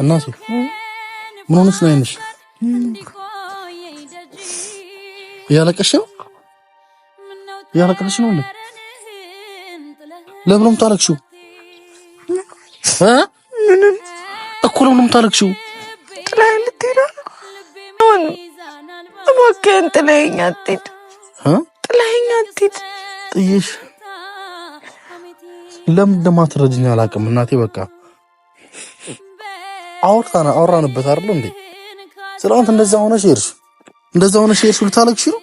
እናቴ ምን ሆነሽ ነው? አይንሽ እያለቀሽ ነው? እያለቀሽ ነው? ለምን ነው የምታለቅሽው? እኮ ለምን ነው የምታለቅሽው? ጥላዬ ልትሄድ እባክህን ጥላዬኝ አትሄድ፣ ጥላዬኝ አትሄድ። ጥዬሽ ለምን እንደማትረጅኝ አላውቅም እናቴ በቃ አውርታና አወራንበት አይደል እንዴ? ስለአንተ እንደዛ ሆነሽ ሄድሽ፣ እንደዛ ሆነሽ ሄድሽ ልታለቅሽ ነው።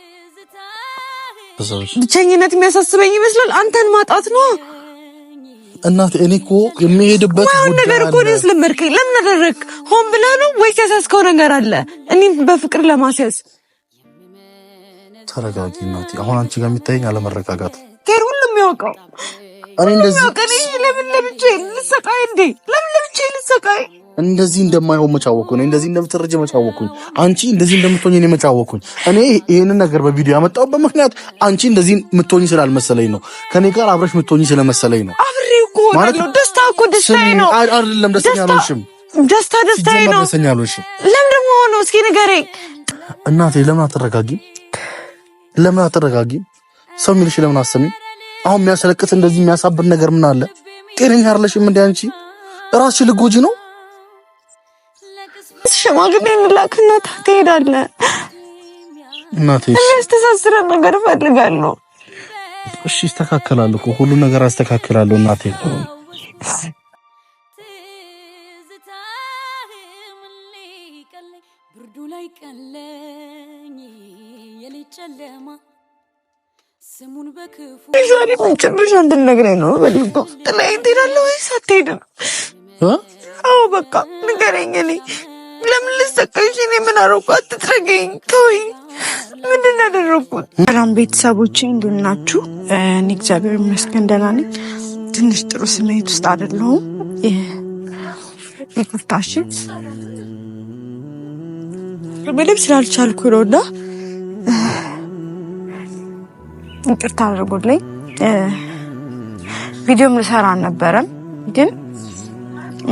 ብቸኝነት የሚያሳስበኝ ይመስላል አንተን ማጣት ነው። እናት እኔ እኮ የምሄድበት ነገር እኮ ነው ያስለመድከኝ። ለምን አደረግክ? ሆን ብለህ ነው ወይስ ያሳስከው ነገር አለ? እኔን በፍቅር ለማስያዝ። ተረጋጊ እናት። አሁን አንቺ ጋር የሚታየኝ አለመረጋጋት ኬር ሁሉም ያውቀው። እኔ እንደዚህ ለምን ለብቻዬ ልሰቃይ እንዴ? ለምን ለብቻዬ ልሰቃይ እንደዚህ እንደማይሆን መቻወኩኝ ነው። እንደዚህ እንደምትረጅ መቻወኩኝ። አንቺ እንደዚህ እንደምትሆኝ እኔ መቻወኩኝ። እኔ ይሄንን ነገር በቪዲዮ ያመጣሁበት ምክንያት አንቺ እንደዚህ የምትሆኝ ስላልመሰለኝ ነው። ከኔ ጋር አብረሽ የምትሆኝ ስለመሰለኝ ነው። አብሬ እኮ ነው። ደስታ እኮ ደስታዬ ነው። አይደለም ደስተኛ አልሆንሽም። ደስታ ደስታዬ ነው። ደስተኛ አልሆንሽም። ለምን ደግሞ ሆነው? እስኪ ንገረኝ እናቴ። ለምን አትረጋጊም? ለምን አትረጋጊም? ሰው የሚልሽ ለምን አሰሚኝ? አሁን የሚያስለቅስ እንደዚህ የሚያሳብር ነገር ምን አለ? ጤነኛ አይደለሽም። እንዴ አንቺ ራስሽ ልጎጂ ነው ሽማግሌ እንላክና ትሄዳለህ። እናቴ የሚያስተሳስረን ነገር እፈልጋለሁ። እሺ፣ ይስተካከላል እኮ ሁሉ ነገር አስተካክላለሁ እናቴ። ዛሬ አንድ ነገር ነው። በሊጎ ጥላይ ትሄዳለህ ወይስ አትሄድም? አዎ በቃ ንገረኝ እኔ ለምን ልሰቀሽ? እኔ ምን አረኩ? አትጥረገኝ፣ ተወኝ። ምንድን ያደረኩት? ሰላም ናችሁ? እኔ እግዚአብሔር ይመስገን ደህና ነኝ። ትንሽ ጥሩ ስሜት ውስጥ አይደለሁም። ይቅርታሽን ምንም ስላልቻልኩ ነው እና ይቅርታ አድርጉልኝ። ቪዲዮም ልሰራ አልነበረም ግን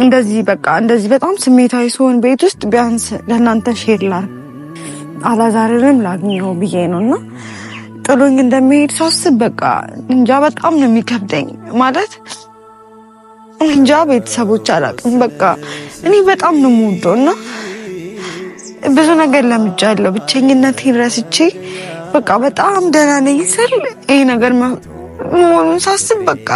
እንደዚህ በቃ እንደዚህ በጣም ስሜታዊ ሲሆን ቤት ውስጥ ቢያንስ ለእናንተ ሼር ላር አላዛርንም ላግኘው ብዬ ነው እና ጥሎኝ እንደሚሄድ ሳስብ በቃ እንጃ በጣም ነው የሚከብደኝ። ማለት እንጃ ቤተሰቦች አላውቅም። በቃ እኔ በጣም ነው የምወደው እና ብዙ ነገር ለምጃለሁ። ብቸኝነቴን ረስቼ በቃ በጣም ደህና ነኝ ስል ይሄ ነገር መሆኑን ሳስብ በቃ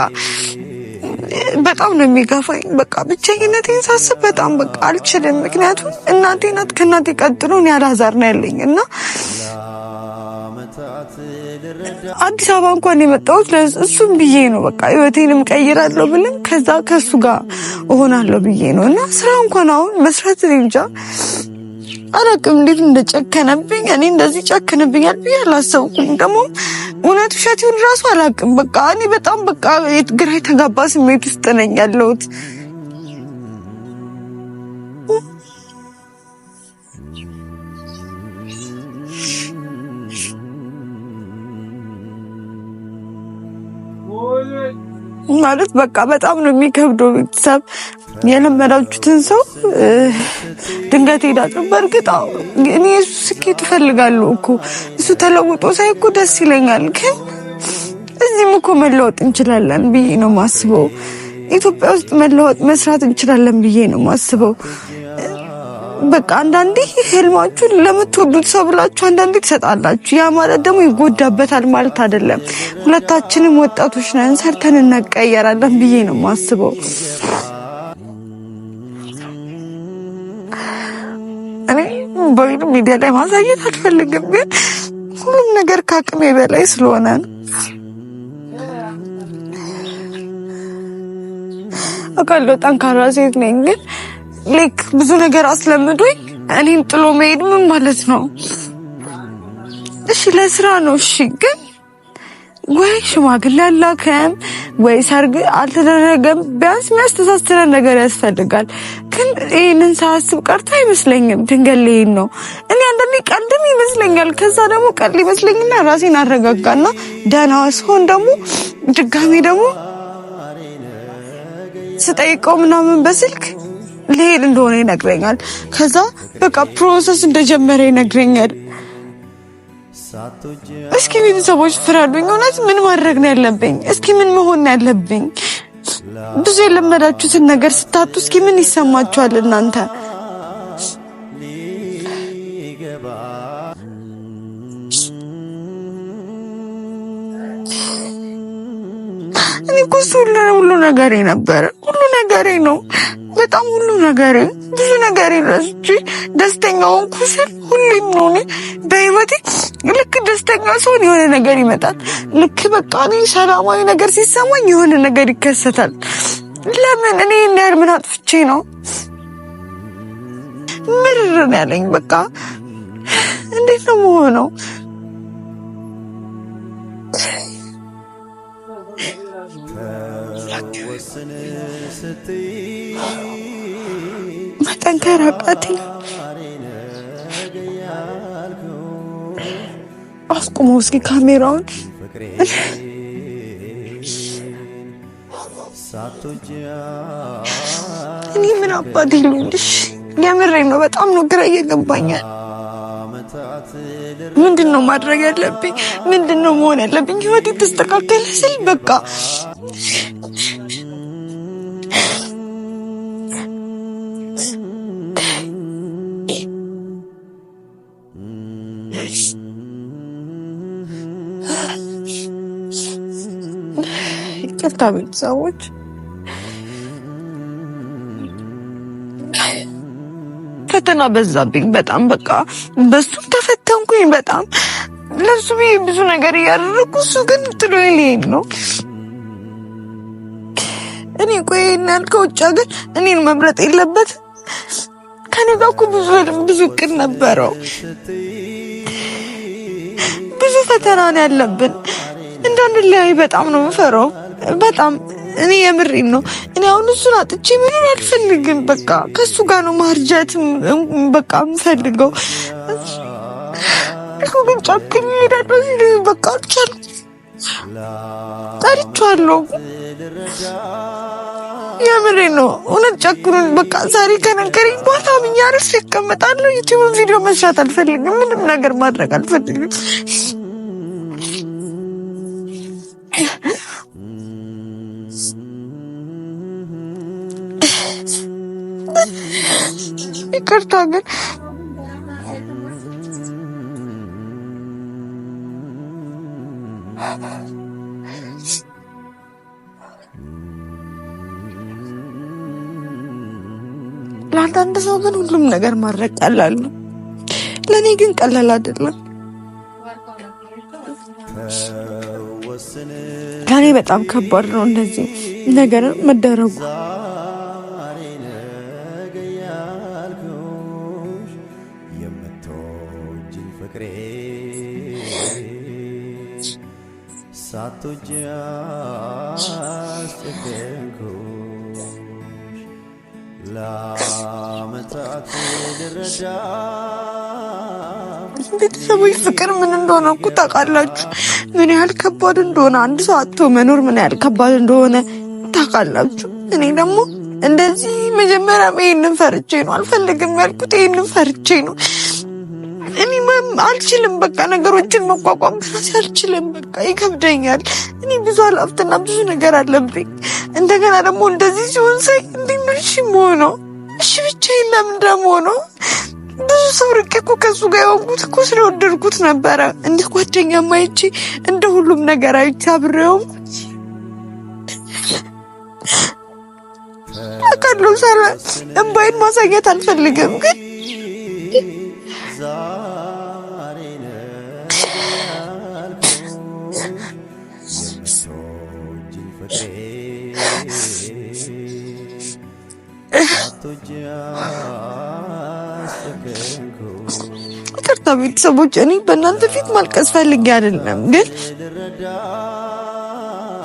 በጣም ነው የሚገፋኝ። በቃ ብቸኝነቴን ሳስብ በጣም በቃ አልችልም። ምክንያቱም እናቴ ናት። ከእናቴ ቀጥሎ እኔ አላዛር ነው ያለኝ እና አዲስ አበባ እንኳን የመጣሁት እሱም ብዬ ነው። በቃ ህይወቴንም ቀይራለሁ ብልም ከዛ ከእሱ ጋር እሆናለሁ ብዬ ነው እና ስራ እንኳን አሁን መስራት እኔ እንጃ አላቅም እንዴት እንደጨከነብኝ። እኔ እንደዚህ ጨከነብኛል ብዬ አላሰብኩም። ደግሞ እውነት ውሸት ይሁን ራሱ አላቅም። በቃ እኔ በጣም በቃ ግራ የተጋባ ስሜት ውስጥ ነኝ ያለሁት። ማለት በቃ በጣም ነው የሚከብደው ቤተሰብ የለመዳችሁትን ሰው ድንገት ሄዳችሁ በእርግጥ እኔ እሱ ስኬት እፈልጋለሁ እኮ እሱ ተለውጦ ሳይ እኮ ደስ ይለኛል። ግን እዚህም እኮ መለወጥ እንችላለን ብዬ ነው ማስበው። ኢትዮጵያ ውስጥ መለወጥ መስራት እንችላለን ብዬ ነው ማስበው። በቃ አንዳንዴ ህልማችሁን ለምትወዱት ሰው ብላችሁ አንዳንዴ ትሰጣላችሁ። ያ ማለት ደግሞ ይጎዳበታል ማለት አይደለም። ሁለታችንም ወጣቶች ነን፣ ሰርተን እንቀየራለን ብዬ ነው ማስበው። እኔ በወይንም ሚዲያ ላይ ማሳየት አልፈልግም፣ ግን ሁሉም ነገር ከአቅሜ በላይ ስለሆነ አውቃለሁ ጠንካራ ሴት ነኝ፣ ግን ሌክ ብዙ ነገር አስለምዶኝ እኔም ጥሎ መሄድ ምን ማለት ነው? እሺ ለስራ ነው እሺ፣ ግን ወይ ሽማግሌ አላከም ወይ ሰርግ አልተደረገም። ቢያንስ የሚያስተሳስረን ነገር ያስፈልጋል። ግን ይህንን ሳያስብ ቀርቶ አይመስለኝም። ድንገት ነው እኔ አንዳንዴ ቀልድም ይመስለኛል። ከዛ ደግሞ ቀልድ ይመስለኝና ራሴን አረጋጋና ደህና ስሆን ደግሞ ድጋሜ ደግሞ ስጠይቀው ምናምን በስልክ ልሄድ እንደሆነ ይነግረኛል። ከዛ በቃ ፕሮሰስ እንደጀመረ ይነግረኛል። እስኪ ቤተሰቦች ፍረዱኝ። እውነት ምን ማድረግ ነው ያለብኝ? እስኪ ምን መሆን ነው ያለብኝ? ብዙ የለመዳችሁትን ነገር ስታጡ እስኪ ምን ይሰማችኋል እናንተ? እኔ እኮ እሱ ሁሉ ነገሬ ነበረ። ሁሉ ነገሬ ነው። በጣም ሁሉ ነገሬ፣ ብዙ ነገሬ ረስቼ ደስተኛ ሆንኩ ስል ሁሌም ነው በህይወቴ ልክ ደስተኛ ስሆን የሆነ ነገር ይመጣል። ልክ በቃ እኔ ሰላማዊ ነገር ሲሰማኝ የሆነ ነገር ይከሰታል። ለምን እኔ እንዳል ምን አጥፍቼ ነው? ምርርን ያለኝ በቃ እንዴት ነው መሆነው? መጠንከር አቃተኝ። አስቁመው እስኪ ካሜራውን። እኔ ምን አባቴ ልምልሽ? የምሬን ነው። በጣም ነው ግራ እየገባኛል። ምንድን ነው ማድረግ ያለብኝ? ምንድን ነው መሆን ያለብኝ? ህይወቴ ተስተካከለ ስል በቃ የምታመጡ ሰዎች ፈተና በዛብኝ። በጣም በቃ በሱ ተፈተንኩኝ። በጣም ለሱ ብዙ ነገር እያደረኩ እሱ ግን ጥሎኝ ሊሄድ ነው። እኔ ቆይ እናል ከውጭ ሀገር እኔን መምረጥ የለበት። ከኔ ጋር እኮ ብዙ ብዙ እቅድ ነበረው። ብዙ ፈተና ነው ያለብን። እንዳንድ ላይ በጣም ነው የምፈራው። በጣም እኔ የምሬም ነው። እኔ አሁን እሱን አጥቼ ምንም አልፈልግም። በቃ ከሱ ጋር ነው ማርጃት በቃ የምፈልገው። ግን ጨክኝ ሄዳለሁ። በቃ አልቻልኩም። ጠርቻለሁ። የምሬ ነው። እውነት ጨክኑን። በቃ ዛሬ ከነገረኝ ቦታ ብኛርስ ይቀመጣለሁ። ዩቲዩብን ቪዲዮ መስራት አልፈልግም። ምንም ነገር ማድረግ አልፈልግም። ይቅርታ ግን ለአንዳንድ ሰው ግን ሁሉም ነገር ማድረግ ቀላል ነው። ለእኔ ግን ቀላል አይደለም። ለእኔ በጣም ከባድ ነው እንደዚህ ነገር መደረጉ። तुझ्याच ቤተሰቦች ፍቅር ምን እንደሆነ እኮ ታውቃላችሁ። ምን ያህል ከባድ እንደሆነ አንድ ሰው አቶ መኖር ምን ያህል ከባድ እንደሆነ ታውቃላችሁ። እኔ ደግሞ እንደዚህ መጀመሪያ ይህንን ፈርቼ ነው አልፈልግም ያልኩት፣ ይህንን ፈርቼ ነው እኔ አልችልም። በቃ ነገሮችን መቋቋም ራሴ አልችልም። በቃ ይከብደኛል። እኔ ብዙ ሀላፍትና ብዙ ነገር አለብኝ። እንደገና ደግሞ እንደዚህ ሲሆን ሳይ እንዴት ነው እሺ የምሆነው? እሺ ብቻዬን ለምን ደግሞ ነው ብዙ ሰው ርቄ እኮ ከሱ ጋር የወጉት እኮ ስለወደድኩት ነበረ። እንደ ጓደኛ ማይቺ እንደ ሁሉም ነገር አይቼ አብሬውም አውቃለሁ። ሳላ እንባይን ማሳየት አልፈልግም ግን ዛሬ ነገ ያልኩሽ የምትወጂኝ ፍቅሬ ይቅርታ ቤተሰቦች፣ እኔ በእናንተ ፊት ማልቀስ ፈልጌ አይደለም፣ ግን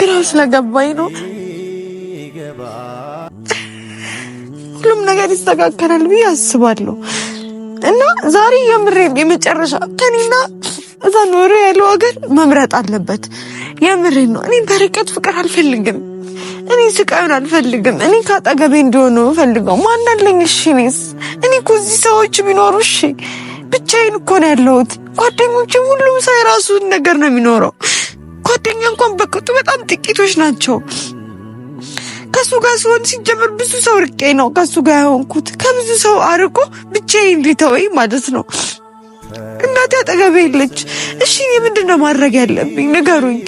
ግራ ስለገባኝ ነው። ሁሉም ነገር ይስተካከላል ብዬ አስባለሁ። እና ዛሬ የምሬ የመጨረሻ ከኔና እዛ ኖሮ ያለው ሀገር መምረጥ አለበት። የምሬ ነው። እኔ በርቀት ፍቅር አልፈልግም። እኔ ስቃዩን አልፈልግም። እኔ ከአጠገቤ እንዲሆኑ ፈልገው ማን አለኝ? እሺ እኔስ እኔ እኮ እዚህ ሰዎች ቢኖሩ እሺ፣ ብቻዬን እኮ ነው ያለሁት። ጓደኞቼ ሁሉም ሰው የራሱን ነገር ነው የሚኖረው። ጓደኛ እንኳን በቅጡ በጣም ጥቂቶች ናቸው። ከሱ ጋር ሲሆን ሲጀምር ብዙ ሰው ርቄ ነው ከሱ ጋር የሆንኩት። ከብዙ ሰው አርቆ ብቻዬን ሊተወኝ ማለት ነው። እናቴ አጠገቤ የለች። እሺ እኔ ምንድን ነው ማድረግ ያለብኝ ንገሩኝ።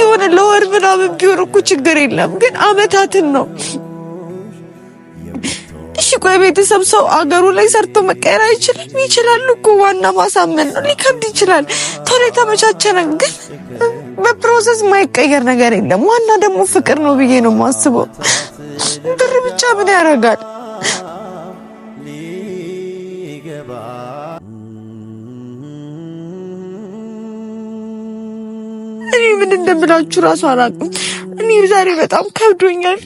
የሆነ ለወር ምናምን ቢሆን እኮ ችግር የለም ግን አመታትን ነው። እሺ ቆይ ቤተሰብ ሰው አገሩ ላይ ሰርቶ መቀየር አይችልም? ይችላል እኮ ዋና ማሳመን ነው። ሊከብድ ይችላል። ቶሎ የተመቻቸነን ግን በፕሮሰስ የማይቀየር ነገር የለም። ዋና ደግሞ ፍቅር ነው ብዬ ነው የማስበው። ብር ብቻ ምን ያደርጋል? እኔ ምን እንደምላችሁ እራሱ አላውቅም። እኔ ዛሬ በጣም ከብዶኛል።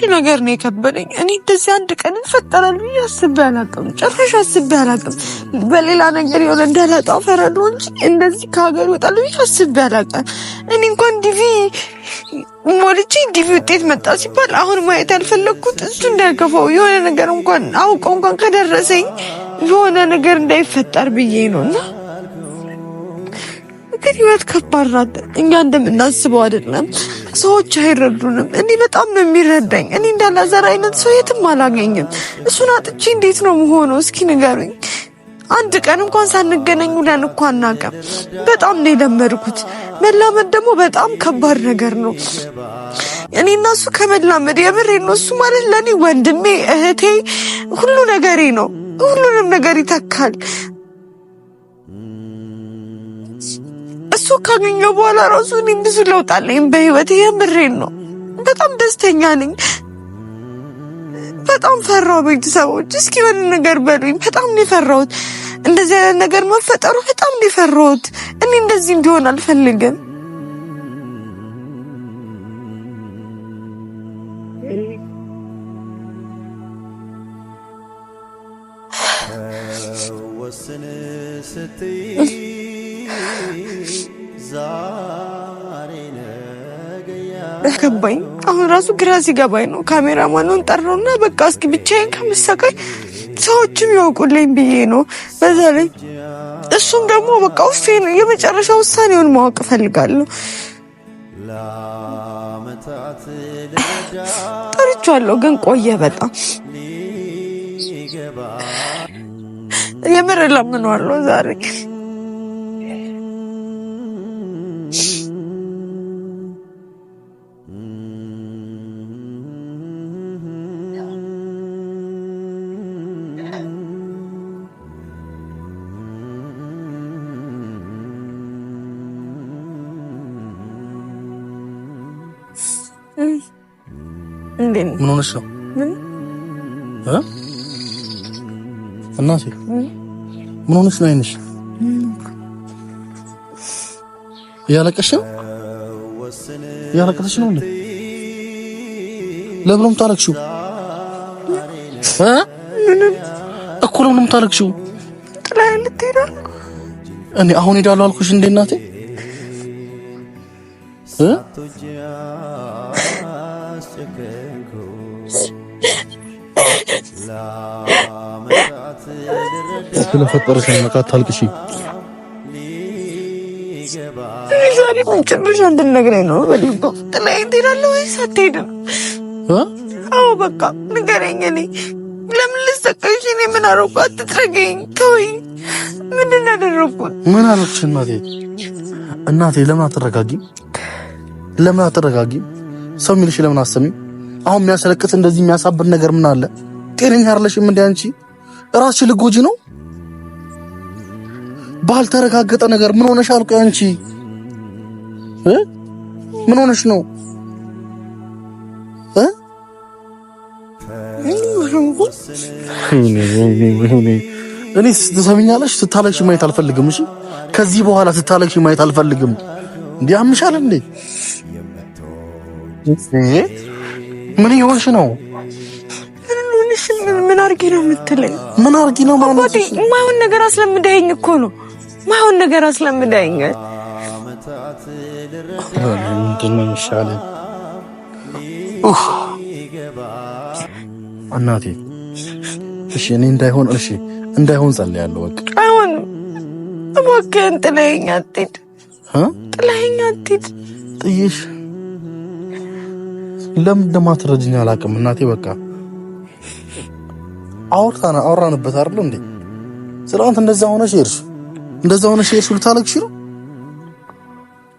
ሁሉ ነገር ነው የከበደኝ። እኔ እንደዚህ አንድ ቀን ይፈጠራል ብዬ አስቤ አላውቅም፣ ጭራሽ አስቤ አላውቅም። በሌላ ነገር የሆነ እንዳላጣው ፈረዱ እንጂ እንደዚህ ከሀገር ይወጣል ብዬ አስቤ አላውቅም። እኔ እንኳን ዲቪ ሞልቼ ዲቪ ውጤት መጣ ሲባል አሁን ማየት ያልፈለግኩት እሱ እንዳይከፋው የሆነ ነገር እንኳን አውቀው እንኳን ከደረሰኝ የሆነ ነገር እንዳይፈጠር ብዬ ነው እና ግን ህይወት ከባድ ናት። እኛ እንደምናስበው አይደለም። ሰዎች አይረዱንም። እኔ በጣም ነው የሚረዳኝ። እኔ እንዳላዘር አይነት ሰው የትም አላገኝም። እሱን አጥቼ እንዴት ነው መሆነው? እስኪ ንገሩኝ። አንድ ቀን እንኳን ሳንገናኝ ውለን እኮ አናውቅም። በጣም ነው የለመድኩት። መላመድ ደግሞ በጣም ከባድ ነገር ነው። እኔ እና እሱ ከመላመድ ነው። እሱ ማለት ለእኔ ወንድሜ፣ እህቴ፣ ሁሉ ነገሬ ነው። ሁሉንም ነገር ይተካል። እሱ ካገኘው በኋላ ራሱ እኔም ብዙ ለውጥ አለኝ በህይወት። የምሬን ነው። በጣም ደስተኛ ነኝ። በጣም ፈራው። ቤተሰቦች እስኪ የሆነ ነገር በሉኝ። በጣም ነው የፈራሁት። እንደዚህ አይነት ነገር መፈጠሩ በጣም ነው የፈራሁት። እኔ እንደዚህ እንዲሆን አልፈልግም። ወስን ስትይ ከባኝ አሁን ራሱ ግራ ሲገባኝ ነው። ካሜራማኑን ማኑን ጠራውና በቃ እስኪ ብቻዬን ከምሰቃይ ሰዎችም ያውቁልኝ ብዬ ነው። በዛ ላይ እሱም ደግሞ በቃ ውስጥ የመጨረሻ ውሳኔውን ማወቅ እፈልጋለሁ። ጠርቻለሁ፣ ግን ቆየ በጣም የምር ለምነዋለሁ ዛሬ እንዴት ነው? ምን ሆነሽ ነው? ምን እናቴ ምን ሆነሽ ነው? አይንሽ እያለቀሽ ነው? እያለቀሰሽ ነው እንዴ? ለምን የምታለቅሽው? እ እኮ ለምን የምታለቅሽው? ጥላዬ ልትሄድ እኔ አሁን ሄዳለሁ አልኩሽ እንዴ እናቴ ስለፈጠረሽ አይመካት ታልቅሺ ጭራሽ እንድትነግረኝ ነው። በሊቦ ጥላዬን ትሄዳለህ ወይስ አትሄድም? አዎ በቃ ንገረኝ። እኔ ለምን ልሰቀልሽ? እኔ ምን አደረኩ? አትጥረገኝ፣ ተወኝ። ምን እናቴ? እናቴ ለምን አትረጋጊም? ለምን አትረጋጊም? ሰው የሚልሽ ለምን አሰሚም? አሁን የሚያስለቅስ እንደዚህ የሚያሳብር ነገር ምን አለ? ጤነኛ አይደለሽም። እንደ አንቺ ራስሽ ልጎጂ ነው። ባልተረጋገጠ ነገር ምን ሆነሽ አልኩ። አንቺ ምን ሆነሽ ነው? እ እኔ ትሰምኛለሽ፣ ስታለቅሽ ማየት አልፈልግም። እሺ ከዚህ በኋላ ስታለቅሽ ማየት አልፈልግም። እንዲህ አምሻል እንዴ? ምን ይሆንሽ ነው? ምን አርጊ ነው የምትለኝ? ምን አርጊ ነው ማለት ማይሆን ነገር አስለምዳኝ እኮ ነው። ማይሆን ነገር አስለምዳኝ። ምንድን ነው የሚሻለኝ? እናቴ እሺ፣ እኔ እንዳይሆን እሺ እንዳይሆን ጸልያለሁ። በቃ አሁን እባክህን ጥለኸኝ አትሂድ፣ ጥለኸኝ አትሂድ። ጥዬሽ ለምን እንደማትረጅኝ አላውቅም እናቴ። በቃ አውርታና አውራንበት አይደል እንዴ? ስለአንተ እንደዛ ሆነሽ ሄድሽ፣ እንደዛ ሆነሽ ሄድሽ። ልታለቅሽ ነው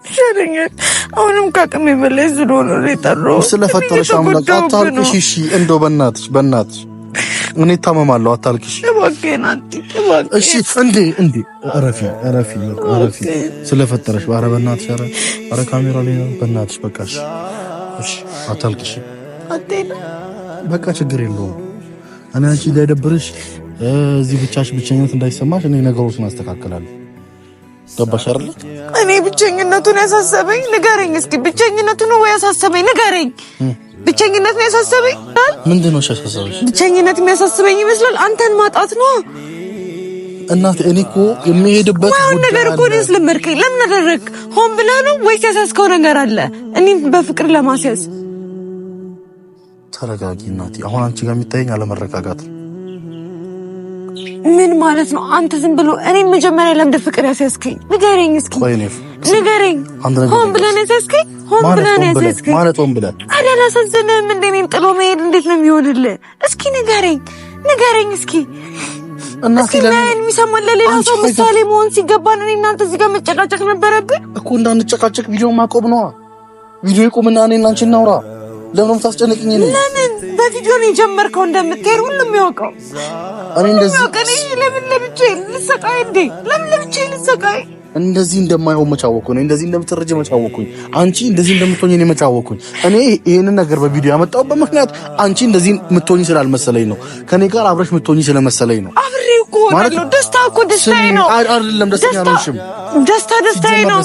ይሻለኛል። አሁንም ከአቅሜ በላይ ስለሆነ ነው የጠራሁት። ስለፈጠረሽ አምላክ አታልቅሽ። እሺ እንደው በእናትሽ በእናትሽ ምን ይታመማለሁ? አታልቅሽ። እሺ እንዴ እንዴ ረፊ ረፊ ረፊ ስለፈጠረሽ ኧረ በእናትሽ ኧረ ኧረ ካሜራ ላይ ነው በእናትሽ እሺ እሺ አታልቅሽ። በቃ ችግር የለውም። እኔ አንቺ እንዳይደብርሽ እዚህ ብቻሽ ብቸኝነት እንዳይሰማሽ እኔ ነገሮችን አስተካክላለሁ። ገባሽ አይደል? እኔ ብቸኝነቱን ያሳሰበኝ ንገረኝ እስኪ። ብቸኝነቱን ወይ ያሳሰበኝ ንገረኝ። ብቸኝነት ነው ያሳሰበኝ። ምንድን ነው ያሳሰበሽ? ብቸኝነት የሚያሳስበኝ ይመስላል አንተን ማጣት ነው። እናት እኔ እኮ የሚሄድበት ነገር እኮ ነው ያስለመድከኝ። ለምን አደረግክ? ሆን ብለህ ነው ወይስ ያሳስከው ነገር አለ? እኔ በፍቅር ለማስያዝ። ተረጋጊ እናቴ። አሁን አንቺ ጋር የሚታየኝ አለመረጋጋት ምን ማለት ነው? አንተ ዝም ብሎ እኔ መጀመሪያ ለምደ ፍቅር ያስያዝከኝ ንገረኝ፣ እስኪ ንገረኝ። ሆን ብለን ነው ያስያዝከኝ? ሆን ብለን ነው ያስያዝከኝ ማለት ሆን ብለን አይደል? አሳዘነህም እንደ እኔን ጥሎ መሄድ እንዴት ነው የሚሆንልህ? እስኪ ንገረኝ፣ ንገረኝ እስኪ እስኪ ናይል የሚሰማን ለሌላ ሰው ምሳሌ መሆን ሲገባን እኔ እናንተ እዚህ ጋር መጨቃጨቅ ነበረብን እኮ። እንዳንጨቃጨቅ ቪዲዮ ማቆም ነዋ። ቪዲዮ ይቁምና እኔ እናንቺ እናውራ። ለምን ነው የምታስጨንቅኝ? በቪዲዮ ነው የጀመርከው እንደምትሄድ ሁሉም ያውቀው። እኔ እንደዚህ ለምን ለብቻዬ ልሰቃይ እንዴ? ለምን ለብቻዬ ልሰቃይ? እንደዚህ እንደማይሆን መጫወኩኝ፣ እንደዚህ እንደምትረጅ መጫወኩኝ፣ አንቺ እንደዚህ እንደምትሆኝ እኔ መጫወኩኝ። እኔ ይሄንን ነገር በቪዲዮ ያመጣሁበት ምክንያት አንቺ እንደዚህ የምትሆኝ ስላልመሰለኝ ነው። ከኔ ጋር አብረሽ የምትሆኝ ስለመሰለኝ ነው። እኮ ሆናለሁ። ደስታ እኮ ደስታዬ ነው። አይደለም ደስተኛ አልሆንሽም። ደስታ ደስታዬ ነው።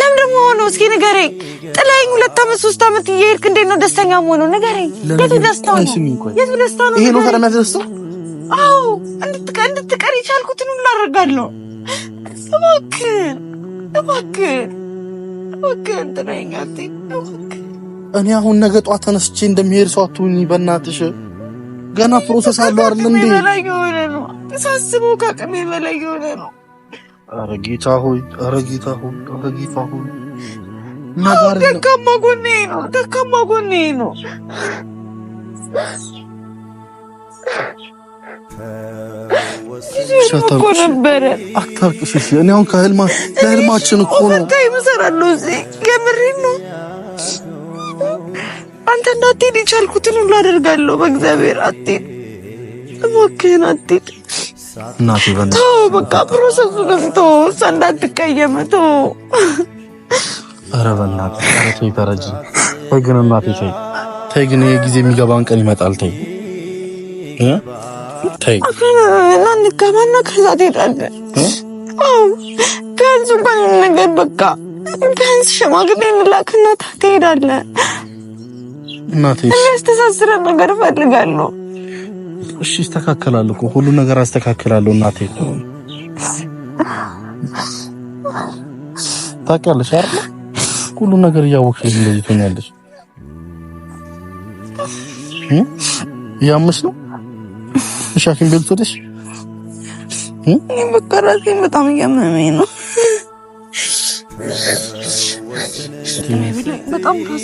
ለምን ደግሞ ሆነው? እስኪ ንገረኝ። ጥላኝ ሁለት ዓመት ሶስት ዓመት እየሄድክ እንዴት ነው ደስተኛ የምሆነው? ንገረኝ። የቱ ደስታ ነው? የቱ ደስታ ነው? ይሄ ነው ፈረና ደስታ። አዎ እንድትቀር እንድትቀር የቻልኩትን ሁሉ አደርጋለሁ። እባክህ እባክህ እባክህ እንትን አይኛልኝ እኔ አሁን ነገ ጧት ተነስቼ እንደሚሄድ ሰው አትሁኝ በእናትሽ። ገና ፕሮሰስ አለው አይደል እንዴ? ሳስበው ከአቅሜ በላይ የሆነ ነው። ኧረ ጌታ ሆይ፣ ኧረ ጌታ ሆይ፣ ኧረ ጌታ ሆይ፣ ደካማ ጎኔ ነው፣ ደካማ ጎኔ ነው። እኮ ነበረ አታርቅሽ። እሺ እኔ አሁን ከህልማ ለህልማችን እኮ ነው። የምሬን ነው አንተ እንዳትሄድ የቻልኩትን ሁሉ አደርጋለሁ። በእግዚአብሔር አትሄድ፣ እባክህን አትሄድ። እናቴ ተው፣ በቃ ፕሮሰሱ ገብተው እሷ እንዳትቀየም ተው። ኧረ በእናትህ ኧረ ተይ ተረጂ። ተይ ግን እናቴ ተይ ተይ ግን ይሄ ጊዜ የሚገባን ቀን ይመጣል። ተይ ተይ ላንገባና ከዛ ትሄዳለህ። ቢያንስ እንኳን ነገር በቃ ቢያንስ ሽማግሌ እንላክና ትሄዳለህ የሚያስተሳስረን ነገር እፈልጋለሁ። እሺ፣ እኮ ሁሉ ነገር አስተካከላለሁ እናቴ ታውቂያለሽ አይደል? ሁሉ ነገር እያወቅሽ እንደዚህ ትሆኛለሽ። እያመሽ ነው። እሺ፣ ሐኪም ቤት ወደሽ በቃ ራሴን በጣም እያመመኝ ነው በጣም ነው።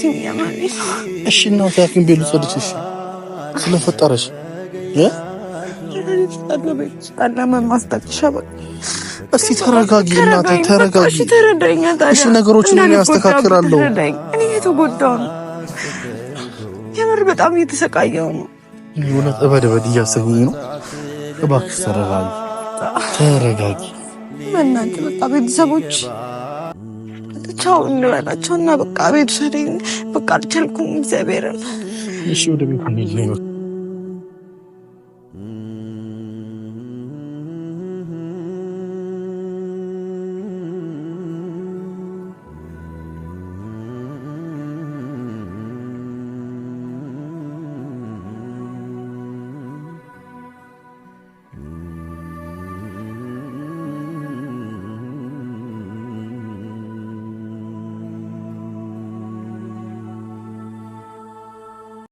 እሺ እናንተ ሐኪም ቤት እሺ ስለፈጠረሽ እስቲ ተረጋጊ እናቴ ተረጋጊ። እሺ ነገሮችን ያስተካክላለሁ። እኔ የተጎዳው ነው የምር በጣም እየተሰቃየው ነው። የእውነት እበድ እበድ እያሰቡኝ ነው። እባክሽ ተረጋጊ ተረጋጊ። በእናንተ በቃ ቤተሰቦች ቻው እንበላቸው እና በቃ ቤቱ ሰደኝ። በቃ አልቻልኩም። እግዚአብሔርን እሺ፣ ወደ ቤት